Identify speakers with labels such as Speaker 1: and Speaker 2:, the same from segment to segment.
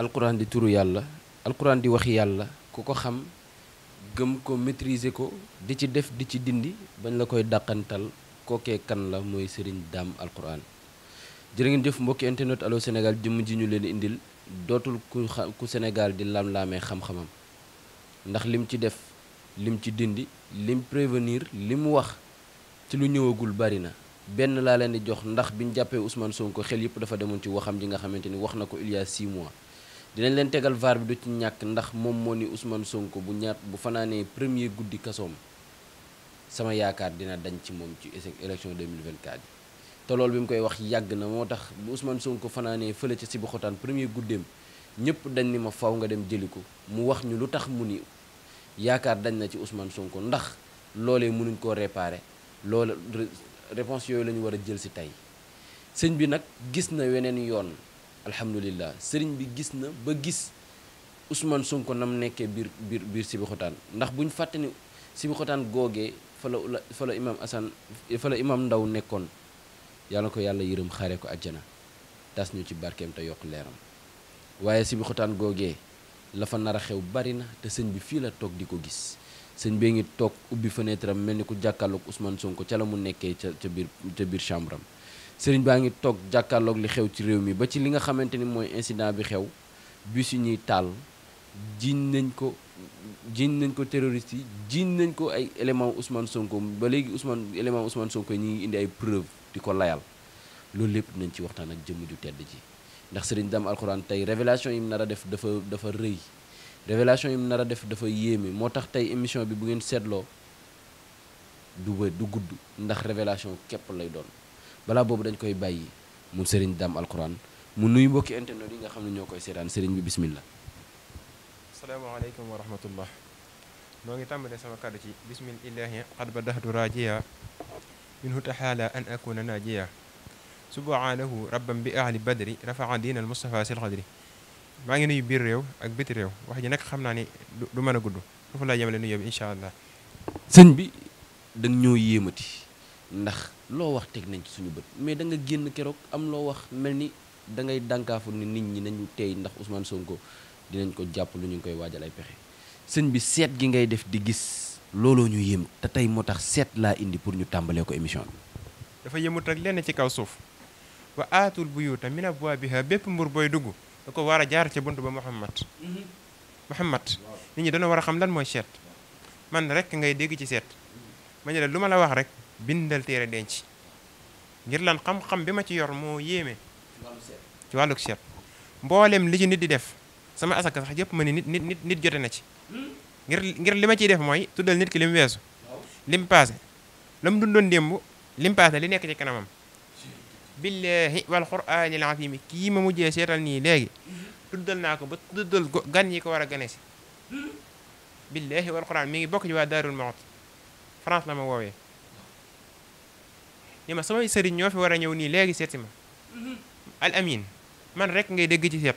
Speaker 1: alquran di turu yàlla alquran di waxi yàlla ku ko xam gëm ko maîtriser ko di ci def di ci dindi bañ la koy daqental kookee kan la mooy Serigne Dame alquran jërë ngeen jëf mbokki internet Allô Sénégal jëmm ji ñu leen indil dootul ku ku Sénégal di lam laame xam-xamam ndax lim ci def lim ci dindi lim prévenir lim wax ci lu ñëwagul bari na benn laa leen di jox ndax biñ jàppee Ousmane Sonko xel yëpp dafa demoon ci waxam ji nga xamante ni wax na ko il y mois dinañ leen tegal VAR bi du ci ñàkk ndax moom moo ni Ousmane Sonko bu ñaat bu fanaanee premier guddi kasoom sama yaakaar dina dañ ci moom ci élection 2024 bi te loolu bi mu koy wax yàgg na moo tax bu Ousmane Sonko fanaanee fële ca Sébikotane premier guddeem ñëpp dañ ni ma faw nga dem jëli ko mu wax ñu lu tax mu ni yaakaar dañ na ci Ousmane Sonko ndax loolee mënuñ koo réparer loolu réponse yooyu lañu ñu war a jël si tey sëñ bi nag gis na weneen yoon alhamdulillah sëriñ bi gis na ba gis Ousmane Sonko nam nekkee biir biir biir Sébikotane ndax buñ fàtte ni Sébikotane googee fa la fa la imaam Assane fa la imaam Ndaw nekkoon yàlla ko yàlla yërëm xaaree ko àjjana tas ñu ci barkeem te yokk leeram waaye Sébikotane googee la fa nar a xew bari na te sëñ bi fii la toog di ko gis sëñ bee ngi toog ubbi fenêtre am mel ni ku jàkkaarloog Ousmane Sonko ca la mu nekkee ca ca biir ca biir chambre sëriñ baa ngi toog jàkkaarloog li xew ci réew mi ba ci li nga xamante ni mooy insident bi xew bus yi ñuy taal jiiñ nañ ko jiiñ nañ ko terroriste yi jiiñ nañ ko ay élément Ousmane Sonko ba léegi Ousmane élément Ousmane Sonko ñi ngi indi ay preuve di ko layal loolu lépp nañ ci waxtaan ak jëmm ju tedd ji ndax sëriñ Dame Alxuraan tey révélation yi mu nar a def dafa dafa rëy révélation yi mu nar a def dafa yéeme moo tax tey émission bi bu ngeen seetloo du ba du gudd ndax révélation képp lay doon balaa boobu dañ koy bàyyi mu sëriñ daam alquran mu nuyu mbokki
Speaker 2: internet yi nga xam ne ñoo koy seetaan
Speaker 1: sëriñ bi bismillah
Speaker 2: asalaamaaleykum wa rahmatullah noo ngi tàmbalee sama kàddu ci bismillahi qad badahtu rajiya minhu taxaala an akuna najiya subhanahu rabban bi ahli badri rafaa diina al mustafa sil xadri maa ngi nuyu biir réew ak biti réew wax ji nag xam naa ni du man a gudd foofu laa yemale nuyoo bi incha allah sëñ bi danga ñoo yéemati
Speaker 1: ndax loo wax teg nañ ci suñu bët mais da nga génn keroog am loo wax mel ni dangay ngay dànkaafu ni nit ñi nañu tey ndax Ousmane Sonko dinañ ko jàpp lu ñu ngi koy waajal ay pexe sëñ bi seet gi ngay def di gis looloo ñu yéem te tey moo tax seet laa indi pour ñu tàmbalee ko émission bi.
Speaker 2: dafa yëmut ak lenn ci kaw suuf wa aatul buyuuta min abwaabiha bépp mbur booy dugg da ko war a jaar ca bunt ba Muhammad mhm. Muhammad nit ñi dana war a xam lan mooy seet man rek ngay dégg ci seet ma ne lu ma la wax rek. bindal téere denc ngir lan xam-xam bi ma ci yor moo yéeme ci wàllug mboolem li ci nit di def sama asaka sax yëpp ma ni nit nit nit nit jote na ci ngir ngir li ma ciy def mooy tuddal nit ki li mu weesu li lam paase la mu dundoon démb li mu paase li nekk ci kanamam billahi wal quraanil aziim kii ma mujjee seetal nii léegi tuddal naa ko ba tuddal gan yi ko war a gane si billahi wal quraan mi ngi bokk ci waa daarul mawt France la ma woowe ni ma samay sëriñ ñoo fi war a ñëw nii léegi seeti ma
Speaker 3: mm-hmm.
Speaker 2: al amin man rek ngay dégg ci seet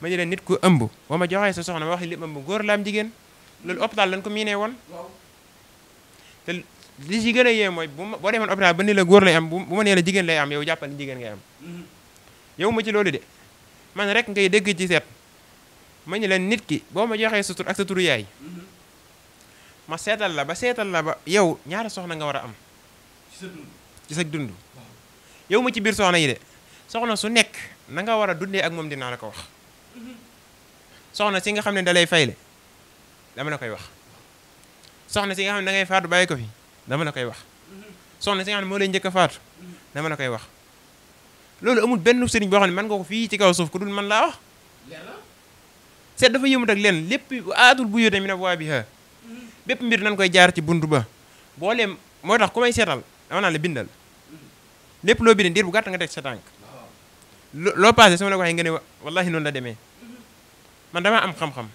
Speaker 2: ma ne leen nit ku ëmb ba ma joxee sa soxna ma wax li góor laam jigéen mm-hmm. loolu hôpital lañ ko miinee woon te li ci gën a yee mooy bu ma boo demoon hôpital ba ni la góor lay am bu ma nee jigéen lay am yow jàppal ni mm-hmm. ma ci loolu de man rek ngay dégg ci seet ma leen nit ki boo ma joxee sa tur ak sa turu ma seetal la ba seetal la ba yow ñaari soxna nga war a am ci sa dund yow ma ci biir soxna yi de soxna su nekk na nga war a dundee ak moom dinaa la ko wax soxna si nga xam ne dalay lay fayle dama la koy wax soxna si nga xam ne da ngay faatu bàyyi ko la koy wax soxna si nga moo lay njëkk a faatu dama la koy wax loolu amul benn sëriñ boo xam ne mën nga ko fii ci kaw suuf ku dul man laa wax seet dafa yëmut ak leen lépp aatul bu yóotee mi ne waa bi ha bépp mbir nañ koy jaar ci bunt ba booleem moo tax ku may seetal dama naan la bindal lépp loo bindee diir bu gàtt nga teg sa tànk loo passé su ma la waxee nga ne wallahi noonu la demee man damaa am xam-xam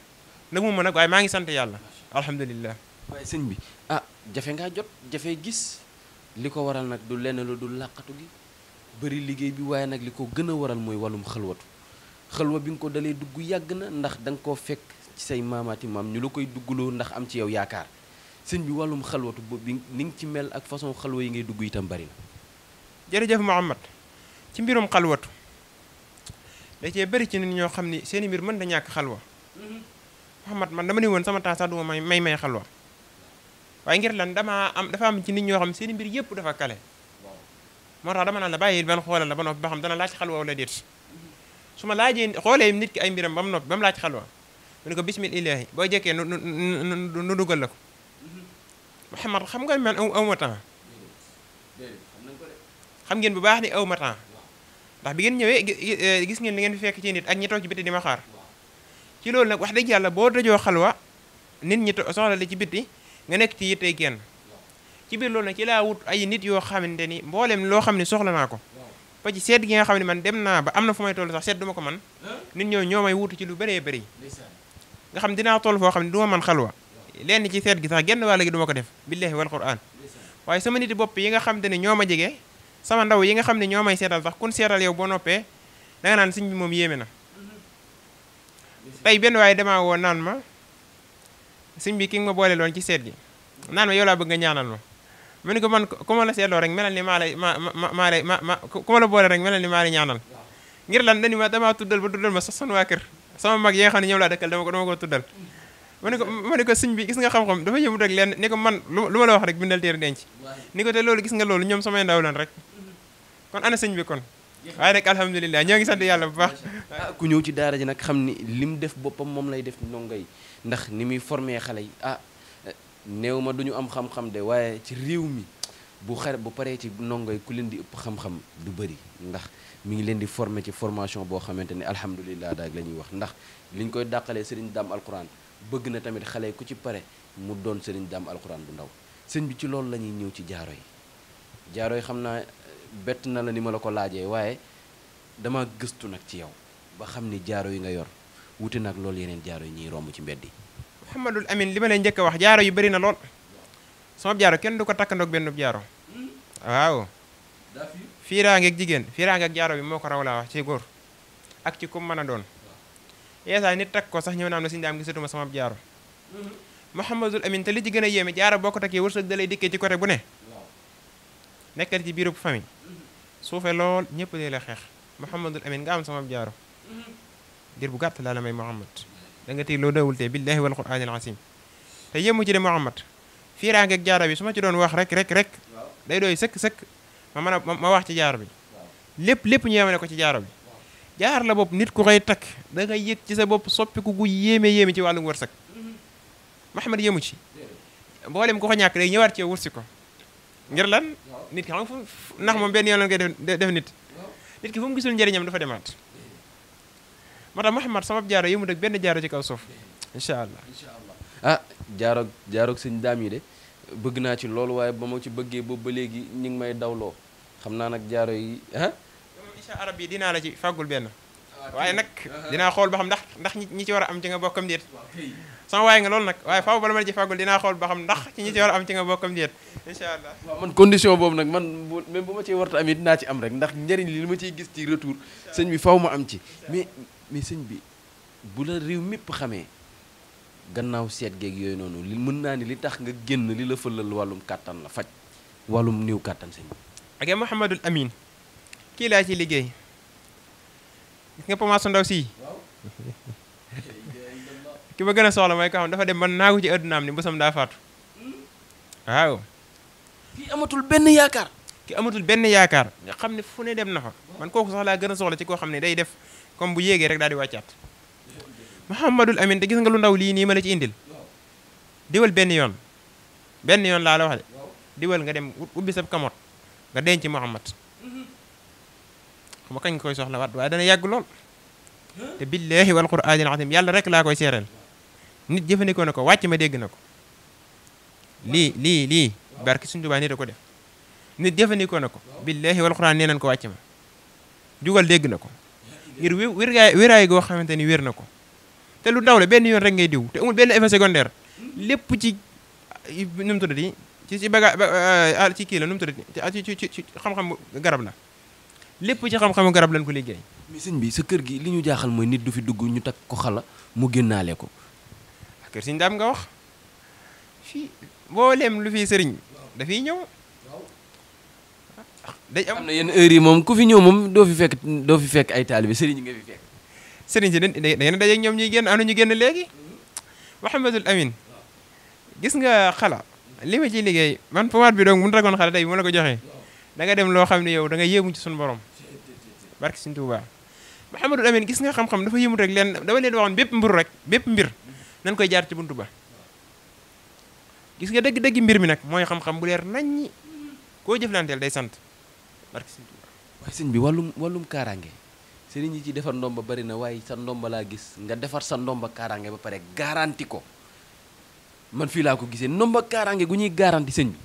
Speaker 2: nag mu mën waaye maa ngi sant yàlla alhamdulilah waaye sëñ bi ah jafe ngaa jot jafe gis li ko waral
Speaker 1: nag du lenn lu du làqatu gi bëri liggéey bi waaye nag li ko gën a waral mooy wàllum xalwatu xalwa bi nga ko dalee dugg yàgg na ndax danga nga koo fekk ci say maamaati maam ñu lu koy duggloo ndax am ci yow yaakaar sëñ bi wàllum xalwatu boobu ni nga ci mel ak façon xalwa yi ngay dugg itam bari
Speaker 2: jërëjëf Mouhamad ci mbirum xalwatu da cee bëri ci nit ñoo xam ni seen mbir mën da ñàkk xalwa Mouhamad man dama ne woon sama taas sax duma may may may xalwa waaye ngir lan damaa am dafa am ci nit ñoo xam seen mbir yëpp dafa kale moo tax dama naan la bàyyi ban xoolal la ba noppi ba xam dana laaj xalwa wala déet su ma laajee xoolee nit ki ay mbiram bam mu noppi ba mu laaj xalwa mu ne ko bismillaahi boo jekkee nu nu dugal la ko Mouhamad xam nga man xam ngeen bu baax ni aw ma temps ndax bi ngeen ñëwee eh, gis ngeen li ngeen fi fekk ci nit ak ñi ci bitti di ma xaar ci loolu nag wax dëgg yàlla boo dajoo xalwa nit ñi soxla la ci bitti nga nekk ci yittey kenn biir loolu ci laa wut ay nit yoo xamante ni mboolem loo xam ne soxla naa ko ba ci seet gi nga xam ne man dem naa ba am na fu may toll sax seet duma ko man nit ñoo ñoo may wut ci lu bëree bëri nga xam dinaa toll foo xam ne du ma man xalwa lenn ci seet gi sax genn wàll gi du ko def billahi wal quran waaye sama nit bopp yi nga xamante ne ñoo ma jege sama ndaw yi nga xam ne ñoo may seetal sax kun seetal yow boo noppee da nga naan sëñ bi moom yéeme na tey benn waaye damaa woo naan ma sëñ bi ki nga ma boole loon ci seet gi naan ma yow laa bëgg nga ñaanal ma mu ne ko ma la seetloo rek melal ma ma maa lay ma ma ku ma la boole rek melal ni maa lay ñaanal ngir lan dañu ma damaa tuddal ba xam ne ñoom laa ko dama ko tuddal ma ne ko ma bi gis nga xam-xam dafa yëmut rek lenn ni man lu ma la wax rek bindal téere denc ni ko te loolu gis nga loolu ñoom samay ndaw lan rek kon ana sëñ bi kon waaye nag alhamdulilah ñoo ngi sant yàlla bu baax ah, ku ñëw ci daara ji nag xam ni lim def boppam moom lay def ndongo yi ndax ni muy forme xale yi
Speaker 1: ah néew ma du ñu am xam-xam de waaye ci réew mi bu xare bu paree ci ndongo yi ku leen di ëpp xam-xam du bëri ndax mu ngi leen di formé ci formation boo xamante ne alhamdulillah daal la ñuy wax ndax liñ koy dàqalee sëriñ daam alquran bëgg na tamit xale yi ku ci pare mu doon sëriñ daam alquran bu ndaw sëñ bi ci loolu la ñëw ci jaaro yi bett na la ni ma la ko laajee waaye dama gëstu nag ci yow ba xam ni jaaro yi nga yor wuti nag lool yeneen jaaro yi ñuy romb ci mbedd yi.
Speaker 2: Mouhamadul Amin li ma lay jëkk wax jaaro yi bari na lool sama jaaro kenn du ko takkandoog benn jaaro waaw. fiiraangeeg jigéen fiiraangeeg jaaro bi moo ko raw laa wax ci góor ak ci kum mën a doon. yeesaa nit takk ko sax ñëw na am na si ndaam gisatuma sama jaaro. Mouhamadul mm-hmm. Amin te li ci gën a yéeme jaaro boo ko takkee wërsëg nekkati ci biirub famille suufe lool ñëpp dee la xeex Mouhamadul Amin nga am sama jaaro dir bu gàtt laa la may Mouhamad da nga tey loo dawul tee billahi wal qur'an al asim te yëmu ci de Mouhamad fiiraangeeg jaaro bi su ma ci doon wax rek rek rek day dooy sëkk ma mën a ma wax ci jaaro bi lépp lépp ñu yemale ko ci jaaro bi jaar la bopp nit ku koy takk da nga yëg ci sa bopp soppiku gu yéeme yéeme ci wàllu wërsëg Mouhamad yëmu ci mboolem ku ko ñàkk day ñëwaat ci si ko ngir lan nit ki xam nga ndax moom benn yoon la koy def nit nit ki fu mu gisul njëriñam dafa demaat moo tax Mouhamad sama jaaro yi yëmu ak benn jaaro ci kaw suuf incha allah. ah
Speaker 1: jaaro jaaroog sëñ daam yi de bëgg naa ci loolu waaye ba ma ci bëggee boobu ba léegi ñu ngi may dawloo
Speaker 2: xam naa nag jaaro yi ah. incha allah arab yi dinaa la ci fàggul benn ah, waaye nag ah, ah. dinaa xool ba xam ndax ndax ñi ci war a am ci nga bokkam déet sama waaye nga loolu nag waaye faaw bala ma ci fàggul dinaa xool ba xam ndax ci ñi ci war a am ci nga bokkam déet allah man
Speaker 1: condition boobu nag man même bu ma ciy warta am it dinaa ci am rek ndax njëriñ li ma ciy gis ci retour sëñ bi faaw ma am ci mais mais sëñ bi bu la réew mépp xamee gannaaw seet geeg yooyu noonu li mën naa ni li tax nga génn li la fëlal wàllum kàttan la faj wàllum néew kàttan sëñ bi
Speaker 2: ak Mouhamadul Amin kii laa ci liggéey gis nga Poma Ndaw ki ma gën a soxla mooy koo dafa dem man naagu ci àddunaam ni bésam daa faatu waaw. ki amatul benn yaakaar. ki amatul benn yaakaar nga xam ne fu ne dem na fa man kooku sax laa gën a soxla ci koo xam ne day def comme bu yéegee rek daa di wàccaat Mouhamadul Amin te gis nga lu ndaw lii nii ma la ci indil diwal benn yoon benn yoon laa la wax de diwal nga dem ubbi sab kamot nga denc Mouhamad xam nga kañ koy soxla waat waaye dana yàgg lool te billahi yàlla rek laa koy seereel nit jëfandikoo na ko wàcc ma dégg na ko lii lii lii barki suñu Tuubaa nit a ko def nit jëfandikoo na ko billaahi wal xuraan nañ ko wàcc ma jugal dégg na ko ngir wér wéraay goo xamante ni wér na ko te lu ndaw la benn yoon rek ngay diw te amul benn effet secondaire lépp ci nu mu di ci ci baga ah, ah, ci kii la nu mu tuddati ci ah, ci ci xam-xam garab la lépp ci xam-xamu garab lañ ko liggéey mais sëñ bi sa kër gi li ñu
Speaker 1: jaaxal mooy nit du fi dugg ñu takk ko xala mu génnaale ko
Speaker 2: kër sëñ daam nga wax fii mboolem lu fi sëriñ dafiy ñëw. Ah, day am na yenn heure yi moom ku fi ñëw moom doo fi fekk doo fi fekk ay taalibe sëriñ nga fi fekk. da ngeen daje ak ñoom ñuy génn am na ñu génn léegi. Amin gis nga xala li ma ciy liggéey man pomaat bi donc bu ñu ragoon xala tey bu ma la ko joxee da nga dem loo xam ne yow da nga yéemu ci suñu borom barke suñu Tuubaa Mouhamadul Amin gis nga xam-xam dafa yéemut rek leen dama leen waxoon bépp mbir. nañ koy jaar ci buntu ba gis nga dëgg dëgg mbir mi nag mooy xam-xam bu leer naññi koo jëflanteel day sant sëñ
Speaker 1: waaye sëñ bi wàllum wàllum kaaraange
Speaker 2: sëriñ yi ci defar ndomba bari na
Speaker 1: waaye sa ndomba laa gis nga defar sa ndomba kaaraange ba pare garanti ko man
Speaker 2: fii laa ko gisee ndomba kaaraange gu ñuy garanti sëñ bi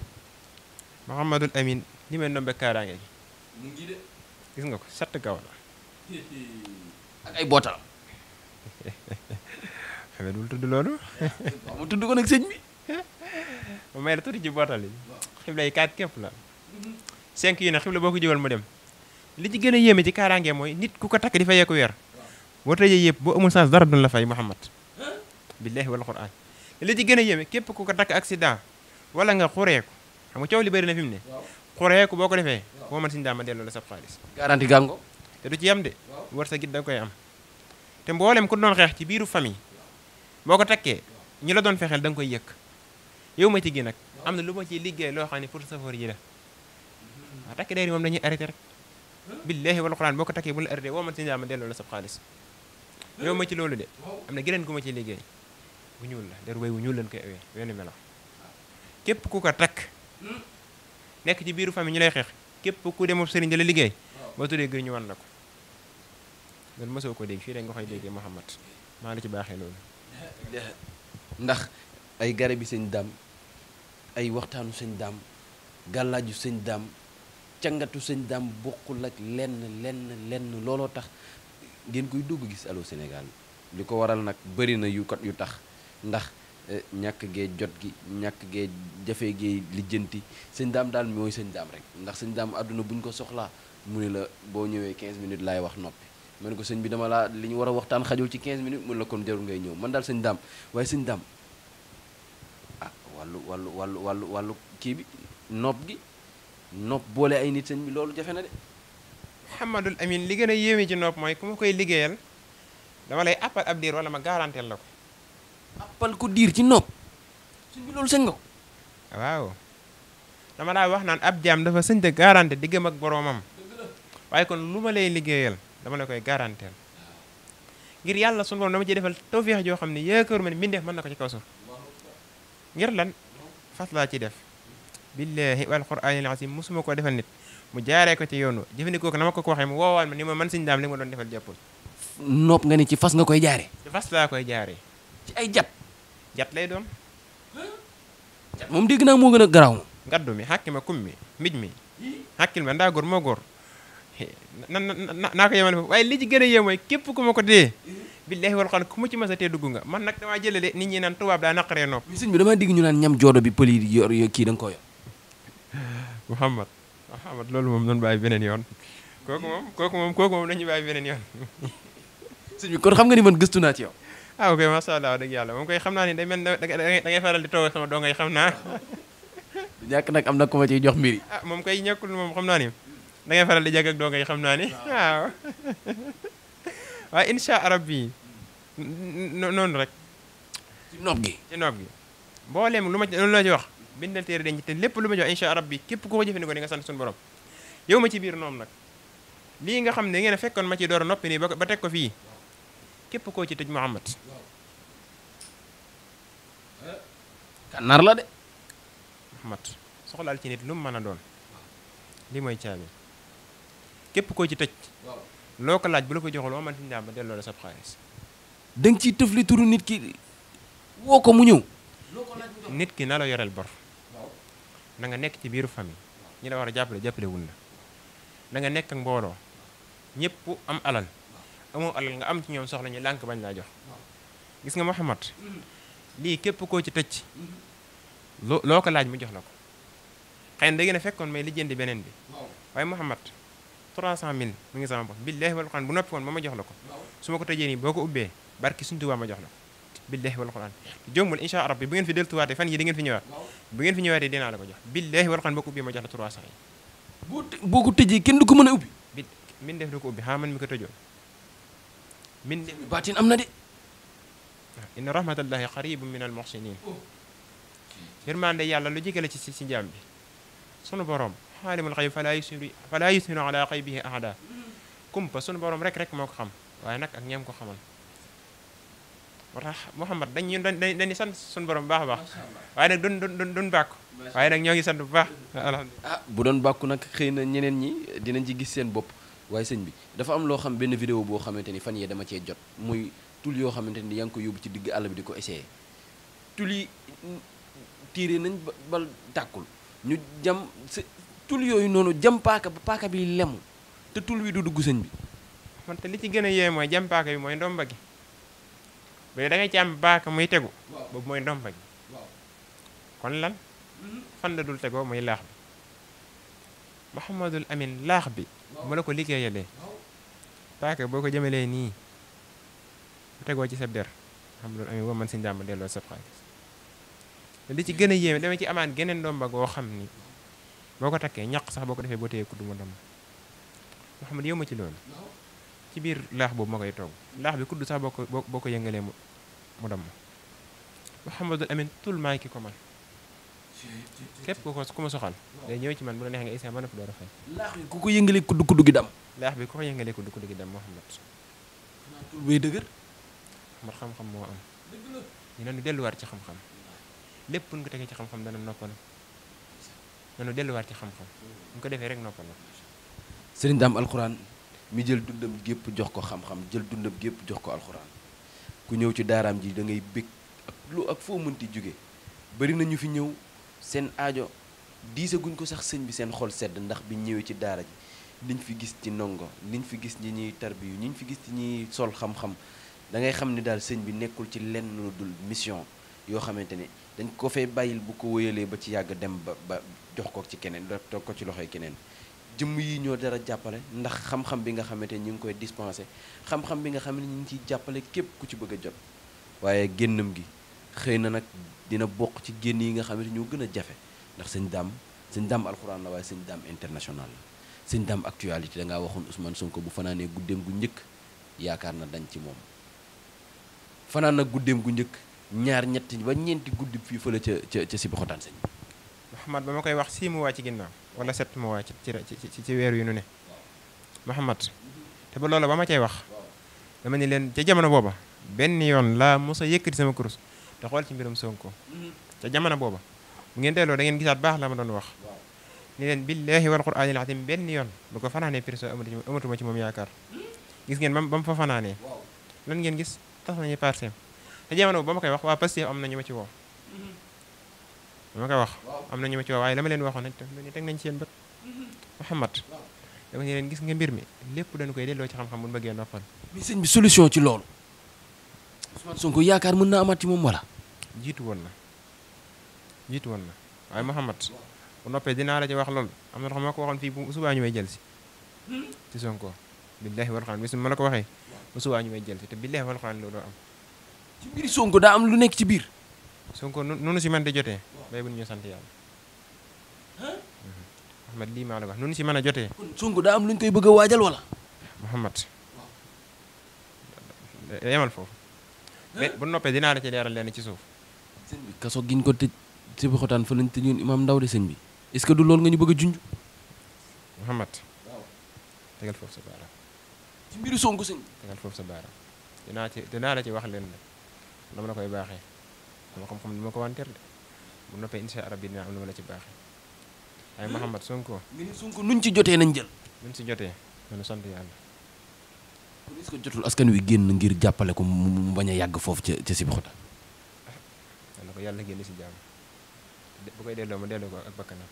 Speaker 2: Mouhamadul Amin li may kaaraange gi gis nga ko sett kaw la ak ay bootaam xamee dul tudd loolu. mu tudd ko nag sëñ bi. bu may la tuuti ci bootal yi. yi kaat képp la. cinq yi nag xibla boo ko jëwal mu dem. li ci gën a yéeme ci kaaraange mooy nit ku ko takk di fayee ko weer. boo tëjee yëpp boo amul chance dara duñ la fay Muhammad. billahi wal Qur'an li ci gën a yéeme képp ku ko takk accident. wala nga xureeku xam nga li bëri na fi ne. xureeku boo ko defee. boo mën siñ daama delloo la sab xaalis. garanti gàngo. te ci yam de. war sa git da koy am. te mboolem ku doon xeex ci biiru famille boo ko takkee ñu la doon fexeel da nga koy yëkk yow ma ci gii nag am na lu ma ciy liggéey loo xam ne pour safoor yi la waaw takki der yi moom dañuy arrêté rek billaahi wal quran boo ko takkee bu la arrêté woo man si njaama xaalis ma ci loolu de geneen gu ma ciy liggéey bu ñuul la der wu ñuul lañ koy awee ku ko takk nekk ci biiru famille ñu lay xeex képp ku demob sëriñ da la liggéey boo tuddee gër ñu wan la ko loolu mosoo ko dégg fii rek nga koy déggee Mouhamad maa la ci baaxee loolu ndax ay
Speaker 1: garabi sëñ daam ay waxtaanu sëñ daam gàllaaju sëñ daam cangatu sëñ daam bokkul ak lenn lenn looloo tax ngeen koy dugg gis Allô Sénégal li ko waral nag bëri na yu kat yu tax ndax eh, ñàkk gee jot gi ñàkk gee jafe gee lijjanti sëñ daam daal mooy sëñ daam rek ndax sëñ daam àdduna bu ñu ko soxlaa mu ne la boo ñëwee 15 minutes laay wax noppi ma ko sëñ bi dama laa li ñu war a waxtaan xajul ci 15 minutes mun la kon jarul ngay ñëw man daal sëñ daam waaye sëñ daam ah wàllu wàllu wàllu kii bi nopp gi nopp boole ay
Speaker 2: nit loolu jafe na de. Mouhamadul Amin li gën a ci nopp mooy ku ma koy liggéeyal dama lay appal ab diir wala ma la ko.
Speaker 1: appal diir ci nopp
Speaker 2: loolu sëñ nga ko. waaw dama daa wax naan ab jaam dafa sëñ te garanti diggam ak boroomam waaye kon lu ma lay liggéeyal. dama la koy garanteel ngir yàlla sunu borom dama ci defal tawféex joo xam ne yaakaaruma ne mbindeef mën na ko ci kaw suuf ngir lan fas laa ci def billaahi wal quraanil aziim mosuma koo defal nit mu jaaree ko ci yoonu jëfandikoo ko na ma ko ko waxee mu woowaan ma ni ma man siñ daam li ma doon defal jàppul nopp nga ni ci fas nga koy jaare ci fas laa koy jaare ci ay jat jat lay doom moom dégg naa moo gën a garaaw ngaddu mi xàkki ma kum mi mij mi xàkkil na naa ko yemal foofu waaye li ci gën a mooy képp ku ma ko dee billahi wal xan ku mu ci mas tee dugg nga man nag damaa jëlale nit ñi naan tubaab daa naqaree nopp sëñ bi damaa
Speaker 1: digg ñu naan ñam joodo bi pël yi yor kii da nga ko yor Mouhamad
Speaker 2: Mouhamad loolu moom noonu bàyyi beneen yoon kooku moom kooku moom kooku moom nañu bàyyi beneen yoon bi kon xam nga ni man gëstu naa ci yow ah ok macha allah dëgg yàlla moom koy xam naa ni day mel da ngay faral di toog sama doo xam naa
Speaker 1: ñàkk nag am na ku ma ciy jox mbir yi
Speaker 2: ah, moom koy ñàkkul moom xam naa ni da ngay faral di jàkk ak donga yi xam naa ne waaw waaye incha rabbi noonu rek. ci nopp gi ci nopp lu ma ci loolu la ci wax bindal téere denc te lépp lu ma ci wax arab rabbi képp ku ko jëfandikoo nga sant suñu borom yow ma ci biir noom nag lii nga xam ne ngeen a fekkoon ma ci door a noppi nii ba teg ko fii képp koo ci tëj Muhammad kannar la de Muhammad soxlaal ci nit lu mu mën a doon li mooy caabi képp koo ci tëj loo ko laaj bu la ko joxul loo man fi ñaam ba delloo la sab xaalis
Speaker 1: da nga ciy tëfli turu nit ki woo ko mu ñëw
Speaker 2: nit ki na la yoreel bor na nga nekk ci biiru famille ñi la war a jàppale jàppalewul wul la na nga nekk ak mbooloo ñëpp am alal amoo alal nga am ci ñoom soxla ñu lànk bañ laa jox gis nga Mouhamad mm-hmm. lii képp koo ci tëj mm-hmm. loo ko laaj mu jox la ko xëy na da ngeen a fekkoon may lijjanti beneen bi waaye Mouhamad 300 mille mi ngi sama bopp billahi wal quran bu noppi woon ma ma jox la ko su ma ko tëjee nii boo ko ubbee barki suñu Tuubaa ma jox la billahi wal quran jombul insha Allah bi bu ngeen fi bu ngeen fi a ubbi bi ko ubbi de ah, oh. yàlla lu jege la ci si si jaam bi sunu borom aalimul xayb falaa yusiru falaa yusiru ala xaybihi ahada kumpa sunu borom rek rek moo ko xam waaye nag ak ko xamal moo tax Mouhamad dañ ñun dañ dañuy sant sunu borom bu baax a baax waaye nag duñ duñ duñ bàkku waaye nag ñoo ngi sant bu baax alhamdulilah
Speaker 1: ah, bu doon bàkku nag xëy na ñeneen ñi dinañ ci gis seen bopp waaye sëñ bi dafa am loo xam benn vidéo boo xamante ni fan yee dama cee jot muy tul yoo xamante ni yaa ngi ko yóbbu ci digg àll bi di ko essayé tul yi tiire nañ bal tàkkul ñu jam tul yooyu noonu jam
Speaker 2: paaka ba paaka bi lemu
Speaker 1: te tul wi du dugg sëñ bi
Speaker 2: man te li ci gën a yee mooy jam paaka bi mooy ndomba gi bu dee da ngay ci am paaka muy tegu boobu mooy ndomba gi kon lan mm-hmm. fan la dul tegoo muy laax bi Mouhamadul Amin laax bi mu la ko liggéeyalee paaka boo ko jëmalee nii bu tegoo ci sa der xam loolu amin boo mën si njàmm delloo sab xaalis li ci gën a yéeme dama ci amaat geneen ndomba goo xam ni boo ko takkee ñaq sax boo ko defee boo téyee kudd mu damm Muhammad yow ma ci loolu ci biir laax boobu ma koy togg laax bi kudd sax boo ko boo ko yëngalee mu damm Muhammadul Amin tul maa ki ko man képp ku ko ku ma soxal day ñëw ci man bu la neexee nga isa mën a ko door a fay laax ku ko yëngalee kudd kudd gi damm bi ko yëngalee kudd kudd gi damm Muhammad tul bay dëgër Muhammad xam-xam moo am ñu ne ñu delluwaat ci xam-xam lépp buñ ko tegee ci xam-xam dana noppal nanu delluwaat ci xam-xam ko defee rek noppal na
Speaker 1: sëriñ daam alxuraan mi jël dundam gépp jox ko xam-xam jël dundam gépp jox ko alxuraan ku ñëw ci daaraam ji da ngay bég ak lu ak foo mënti jóge bari na ñu fi ñëw seen aajo diisaguñ ko sax sëñ bi seen xol sedd ndax bi ñëwee ci daara ji liñ fi gis ci ndongo liñ fi gis ñi ñuy tarbiyu ñi fi gis ci ñuy sol xam-xam da xam ni daal sëñ bi nekkul ci lenn lu dul mission yoo xamante ni dañ ko fay bàyyil bu ko wéyalee ba ci yàgg dem ba ba jox ko ci keneen toog ko ci loxoy keneen jëmm yi ñoo dara jàppale ndax xam-xam bi nga xamante ni ñu ngi koy dispensé xam-xam bi nga xam ne ñu ngi ciy jàppale képp ku ci bëgg a jot waaye génnam gi xëy na nag dina bokk ci génn yi nga xamante ñoo gën a jafe ndax sëñ dàmm sëñ daam alxuraan la waaye sëñ daam international la sëñ daam actualité da ngaa waxoon Ousmane Sonko bu fanaanee guddeem gu njëkk yaakaar na dañ ci moom fanaan nag guddeem gu njëkk ñaar ñetti ba ñeenti guddi fii fële ca ca ca Sébikotane sëñ bi.
Speaker 2: Mouhamad ba ma koy wax six waa ci ginnaaw wala sept mois ci ci ci weer yu nu ne. Mouhamad te ba loola ba ma cay wax. dama ne leen ca jamono booba. benn yoon laa mos a yëkkati sama kurus te xool ci mbirum Sonko. ca jamono booba bu ngeen delloo da ngeen gisaat baax la ma doon wax. ni leen billaahi wal quraanil aziim benn yoon bu ko fanaanee priso amatuma ci moom yaakaar. gis ngeen ba mu fa fanaanee lan ngeen gis tax nañu parcem te jamono ba ma koy wax waa Pastef am na ñu ma ci woo
Speaker 3: mm-hmm.
Speaker 2: ba ma koy wax am na ñu ma ci woo waaye la ma leen waxoon ne teg nañ ci seen bët Mouhamad mm-hmm. dama ne gis nga mbir mi lépp dañu koy delloo ci xam-xam bëggee noppal.
Speaker 1: mais sëñ bi solution ci loolu. Ousmane Sonko yaakaar mën naa amaat ci moom wala.
Speaker 2: jiitu woon na jiitu woon na waaye Mouhamad mm-hmm. bu noppee dinaa la wax loolu am na loo xam ma ko waxoon subaa ñu may jël si. ci Sonko. billaahi wal Quraan bis ma la ko waxee bu subaa ñu may jël si te billaahi wal Quraan loolu am.
Speaker 1: ci biir Sonko daa am lu nekk ci biir.
Speaker 2: Sonko nu nu si mën di jotee. bay bu ñu sant yàlla. Mouhamad lii maa la wax nu nu mën a jotee. kon Sonko daa am lu ñu koy bëgg a waajal wala. Mouhamad. Eh, yemal foofu. bu noppee dinaa la ci leeral leen ci suuf. sëñ bi
Speaker 1: kaso giñ ko tëj Sëbi Xotaan fa lañ tëjoon Imaam ndaw de sëñ bi est-ce que du loolu nga ñu bëgg a junj. Mouhamad.
Speaker 2: waaw tegal foofu sa baaraam. ci dinaa ci ci wax leen ne. dama la koy baaxee sama xam-xam dama ko wanteer bu noppee incha allah dina am lu ma la ci baaxee. ay Mouhamed Sonko. nga ni nuñ ci jotee nañ jël. nuñ ci jotee nañu sant yàlla. kon askan wi
Speaker 1: génn ngir jàppale ko mu bañ a yàgg foofu ca ca
Speaker 2: ah, na ko yàlla génn si jàmm bu koy delloo mu delloo ko ak bakkanam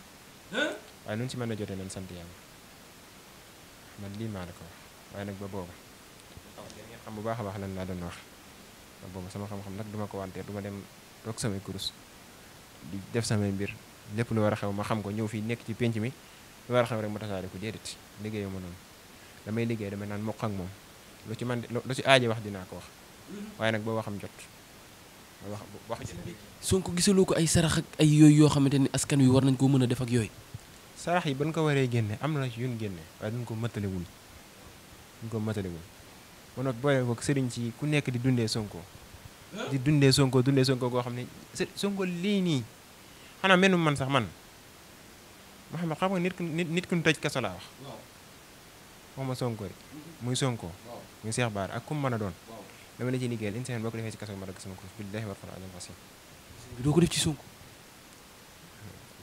Speaker 2: waaye nuñ ci mën a jotee nañ sant yàlla man lii maa la ko wax waaye nag ba boobu. waaw ah, xam bu baax a baax lan laa doon wax. boobu sama xam-xam nag duma ko wanteer duma dem toog samay kurus di def samay mbir lépp lu war a xew ma xam ko ñëw fii nekk ci pénc mi lu war a xew rek ma tasaare ko déedéet liggéeyu ma noonu damay liggéey damay naan mokk ak moom lu ci man lu ci aaje wax dinaa ko wax mm-hmm. waaye nag boo waxam jot wax wax soo ko gisaloo ko ay sarax ak ay yooyu yoo xamante ni askan wi war nañ koo mën a def ak yooyu sarax yi bañ ko waree génne am na ci yun génne waaye duñ ko mëttalewul duñ ko mëttalewul ba noppi boole ko sëriñ ci ku nekk di dundee Sonko. di dundee Sonko dundee Sonko goo xam ne Sonko lii nii xanaa mel man sax man Mouhamed xam nga nit ku nit ku ñu toj kaso laa wax. waxuma Sonko mm-hmm. muy Sonko. muy Cheikh Bara ak ku mu mën a doon. dama la ciy liggéeyal une semaine boo ko defee ci kaso ma dagg sama kurus ci Sonko.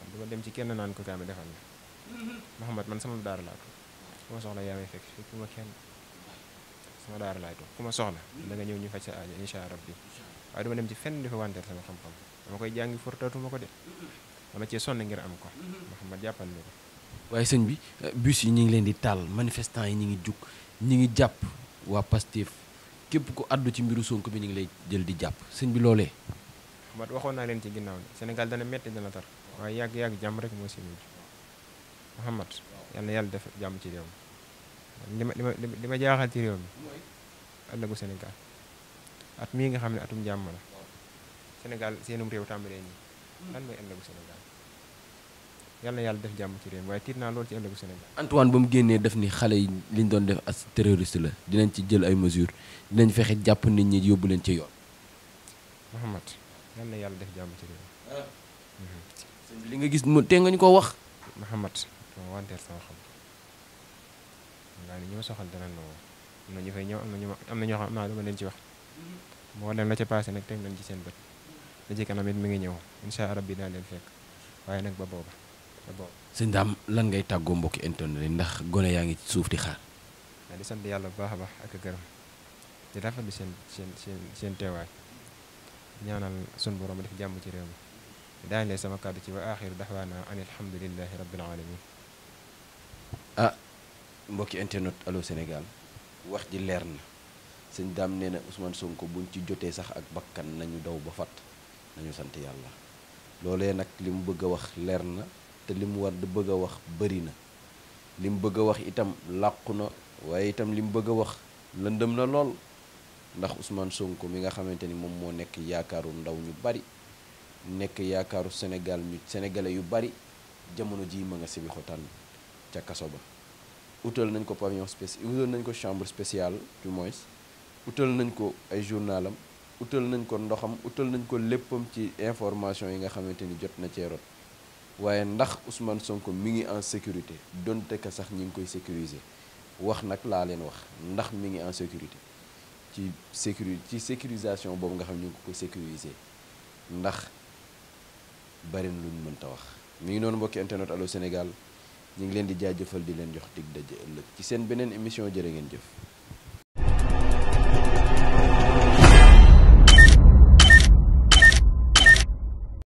Speaker 2: man hmm. dama dem ci kenn naan ko kaame defal la. Mm-hmm. man sama daara laa ko. sama soxla yaa may fekk fekk ma kenn. sama daara laay toog ku ma soxla da nga ñëw ñu faj sa aajo incha rabbi waaye duma dem ci fenn di fa wanteer sama xam-xam dama koy jàngi fortatuma ko de dama cee sonn ngir am ko Mouhamad jàppal ni ko
Speaker 1: waaye sëñ bi bus yi ñu ngi leen di taal manifestant yi ñu ngi jug ñu ngi jàpp waa Pastef képp ku àddu ci mbiru Sonko bi ñu ngi lay jël di jàpp sëñ bi loolee
Speaker 2: Mouhamad waxoon naa leen ci ginnaaw ne Sénégal dana metti dana tar waaye yàgg-yàgg jàmm rek moo si mujj Mouhamad yal na ci réew li ma li ma li ma jaaxal ci réew mi ëllëgu Sénégal at mii nga xam ne atum jàmm la Sénégal seenum réew tàmbalee nii hmm. lan mooy ëllëgu Sénégal yal na yàlla def jàmm ci réew mi waaye tiit naa loolu ci ëllëgu Sénégal. Antoine
Speaker 1: ba mu génnee def ni xale yi li ñu doon def as terroriste la dinañ ci jël ay mesures dinañ fexe jàpp nit ñi yóbbu leen ci yoon.
Speaker 2: Mouhamad yal na yàlla def jàmm ci réew mi. Ah. Mhm. li nga gis mu
Speaker 1: tee nga ñu ko wax.
Speaker 2: Mouhamad ma wanteer sama xam. naa ne ñi ma soxal danañ ma woo am na ñu fay ñëw am na ñu am na ñoo xam am naa lu ma leen ci wax moo leen la ca passé nag te nañ ci seen bët la ci kanam it mi ngi ñëw incha bi naa leen fekk waaye nag ba booba ba booba
Speaker 1: sëñ daam lan ngay tàggoo mbokki internet yi ndax gone yaa ngi ci suuf di xaar
Speaker 2: waa di sant yàlla bu baax a baax ak gërëm di rafetlu seen seen seen seen teewaay ñaanal sun borom def jàmm ci réew mi daañu sama kàddu ci wa aaxiru daxwaana an alhamdulillahi rabbil alamin
Speaker 1: mbokki internet alo senegal wax ji leer na sëñ daam nee na Ousmane Sonko buñ ci jotee sax ak bakkan nañu daw ba fat nañu sant yàlla loolee nag li mu bëgg a wax leer na te li mu war di bëgg a wax bëri na li mu bëgg a wax itam làqu na waaye itam li mu bëgg a wax lëndëm na lool ndax Ousmane sonk mi nga xamante ni moom moo nekk yaakaaru ndaw ñu bari nekk yaakaaru Sénégal ñu yu bari jamono jii ma nga sibi xotaan ca kaso ba utal nañ ko pavillon spécial utal nañ ko chambre spéciale du moins utal nañ ko ay journalam utal nañ ko ndoxam utal nañ ko léppam ci information yi nga xamante ni jot na cee waaye ndax Ousmane Sonko mi ngi en sécurité donte ka sax ñi ngi koy sécuriser wax nag laa leen wax ndax mi ngi en sécurité ci sécuri ci sécurisation boobu nga xam ñu ngi ko koy sécuriser ndax bari na lu ñu mënta wax mi ngi noonu mbokki internet Allô Sénégal ñu ngi leen di jaajëfal di leen jox dig daje ëllëg ci seen beneen émission jërë ngeen jëf